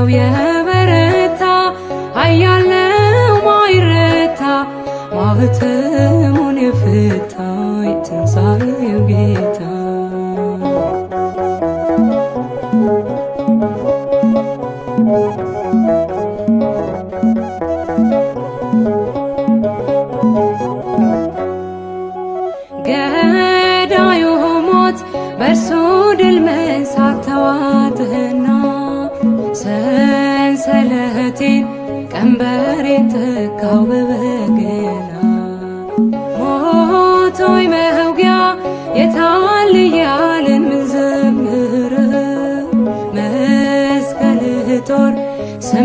ነው የበረታ ኃያል ነው ማይረታ ማኅተሙን የፈታ የትንሣኤው ጌታ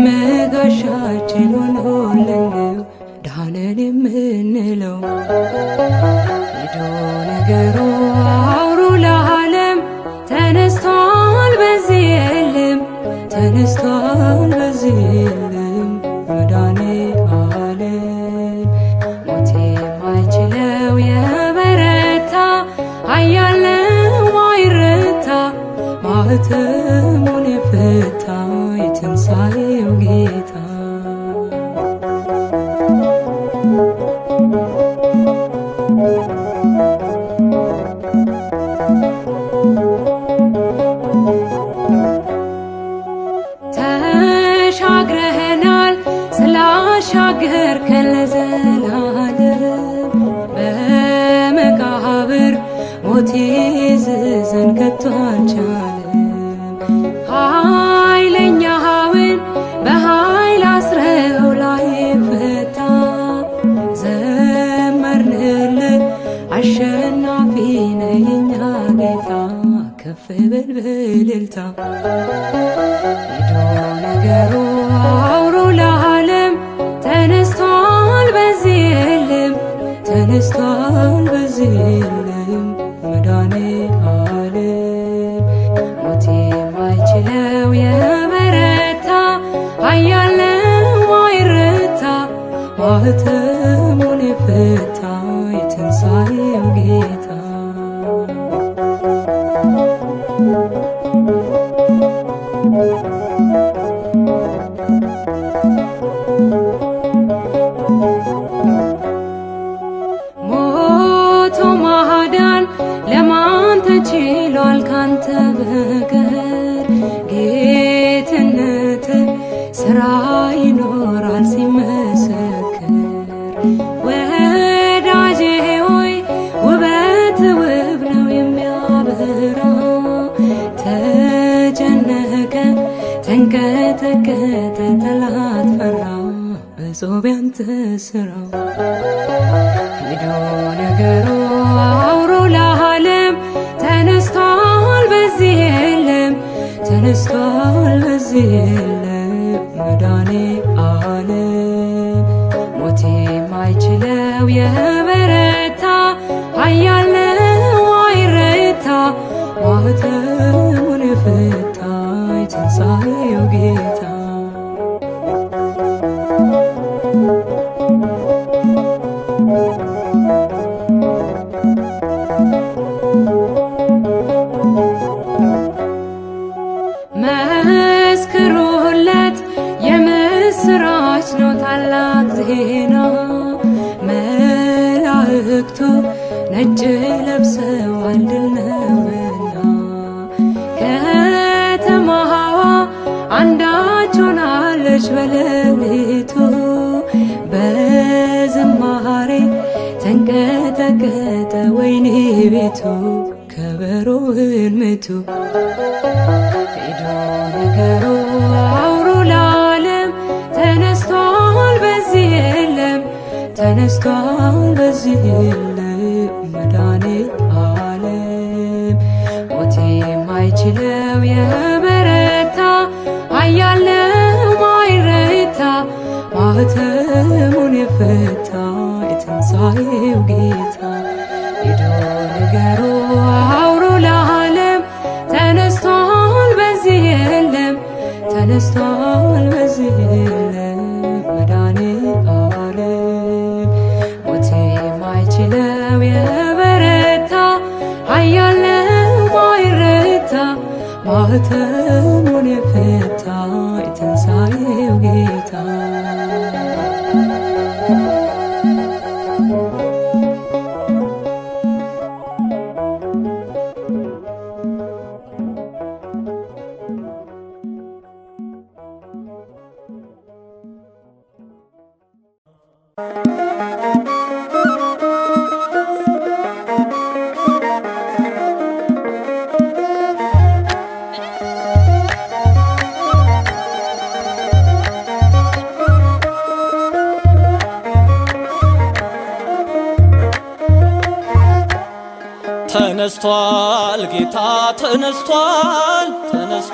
መጋሻችን ሆነ ይበቃል በዚህ የለም መድኃኔዓለም ሞት የማይችለው የበረታ ኃያል ማይረታ ማኅተሙን የፈታ ሶቢያንተ ስራው ሄዶ ነገሩ አውሮ ለዓለም ተነስቷል በዚህ የለም ተነስቷል በዚህ የለም መዳኔ የማይችለው ከኔ እስካሁን በዚህ የለም መድኃኒተ ዓለም ሞት የማይችለው የበረታ አያለ ማይረታ ማኅተሙን የፈታ የትንሣኤው ጌታ ሂዱ ለዓለም ተነስቷል በዚህ የለም ተነስቷል በዚህ የለም ማኅተሙን የፈታ የትንሣኤው ጌታ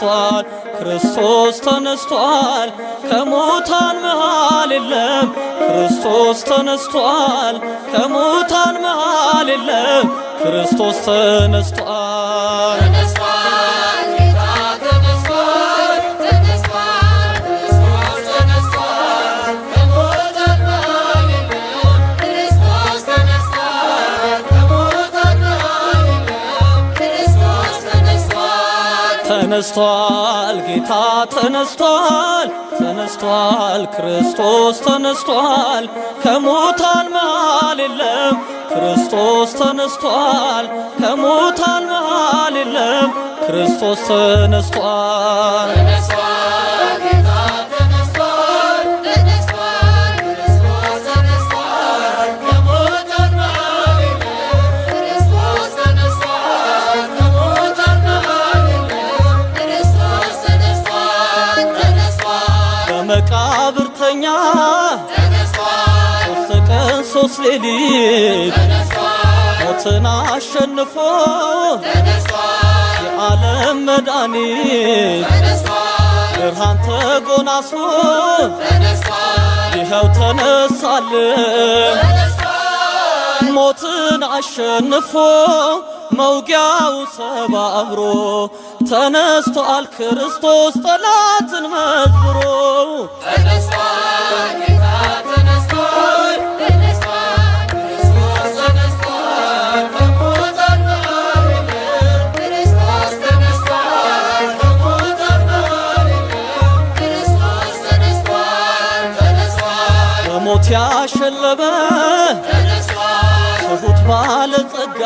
ተነስቷል፣ ክርስቶስ ተነስቷል፣ ከሙታን መሃል የለም። ክርስቶስ ተነስቷል፣ ከሙታን መሃል የለም። ክርስቶስ ተነስቷል ተነስቷል፣ ጌታ ተነስቷል፣ ተነስቷል፣ ክርስቶስ ተነስቷል። ከሞታን መሃል የለም፣ ክርስቶስ ተነስቷል። ከሞታን መሃል የለም፣ ክርስቶስ ተነስቷል። ቅዱስ ሞትን አሸንፎ የዓለም መድኃኒት ብርሃን ተጎናጽፎ ይኸው ተነሳልን ሞትን አሸንፎ መውጊያው ሰባብሮ ተነስቷል ክርስቶስ ጠላትን መዝብሮ ተመዘገበ ትሁት ባለጸጋ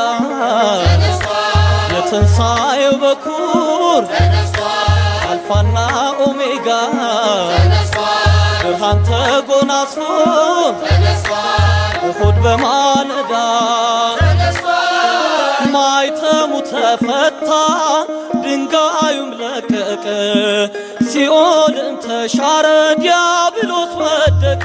የትንሣኤው በኩር አልፋና ኦሜጋ ብርሃን ተጎናጽፎ እሁድ በማለዳ ማይተሙ ተፈታ ድንጋዩም ለቀቀ ሲኦልም ተሻረ ዲያብሎስ ወደቀ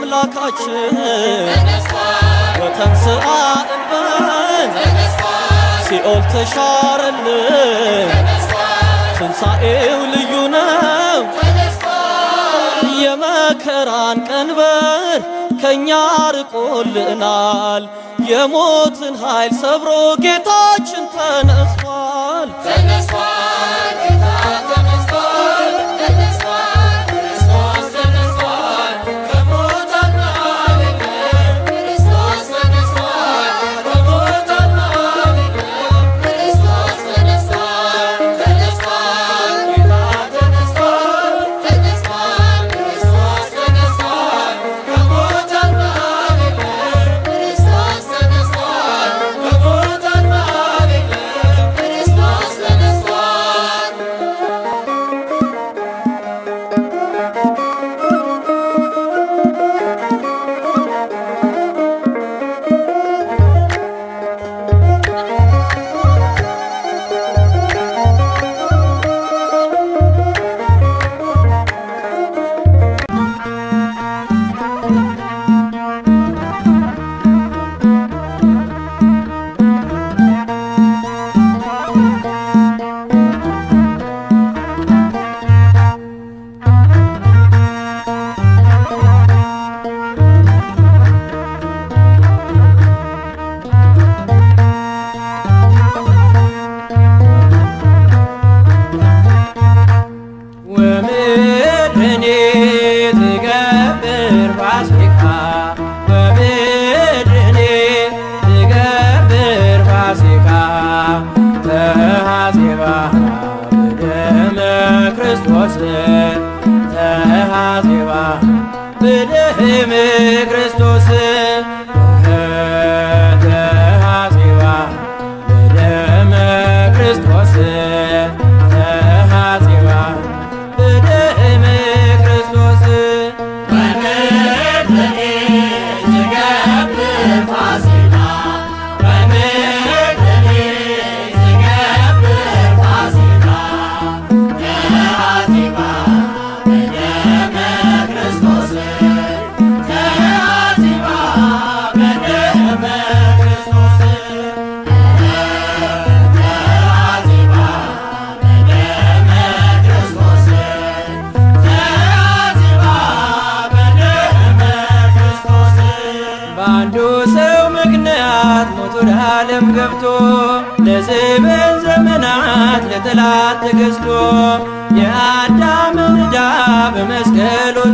አምላካችን ወተንስአ እንበል ሲኦል ተሻረልን ትንሣኤው ልዩ ነው የመከራን ቀንበር ከእኛ አርቆልናል የሞትን ኃይል ሰብሮ ጌታችን ተነስ ምክር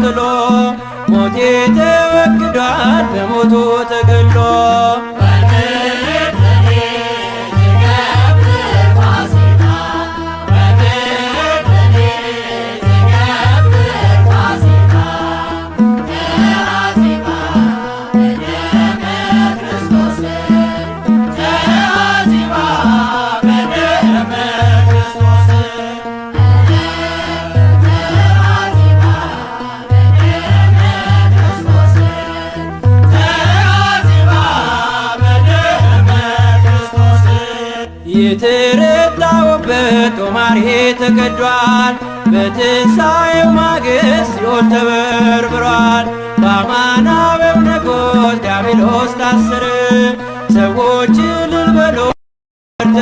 ተጥሎ ሞቴ ተወግዷል በሞቱ ተገሎ ዛሬ ተገዷል። በትንሣኤው ማግስት ሲኦል ተበርብሯል። በአማና በብነጎት ዲያብሎስ ታሰረ። ሰዎች ልልበሎ በሎ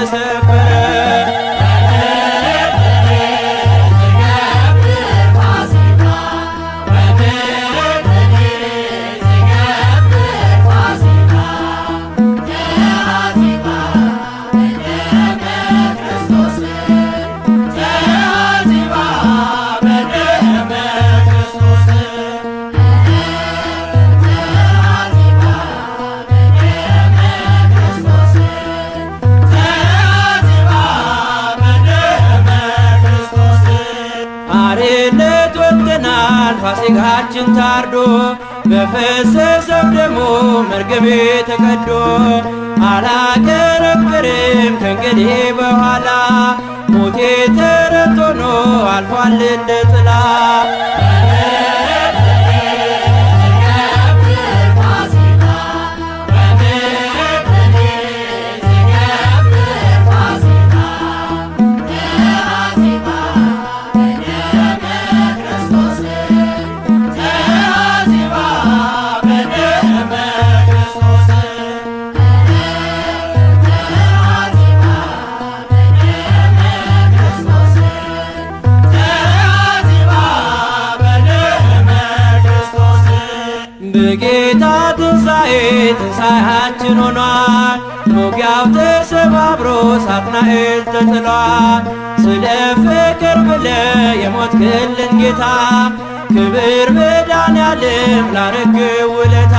ፋሲካችን ታርዶ በፈሰሰው ደግሞ መርገቤ ተቀዶ አላከረከርም ከእንግዲህ በኋላ ሞቴ ተረት አልፏል እንደ ጥላ ራእይ ትንሣኤያችን ሆኗል። ውጊያው ተሰባብሮ ሳጥናኤል ተጥሏል። ስለ ፍቅር ብለ የሞትክልን ጌታ ክብር መድኃኔዓለም ላረግ ውለታ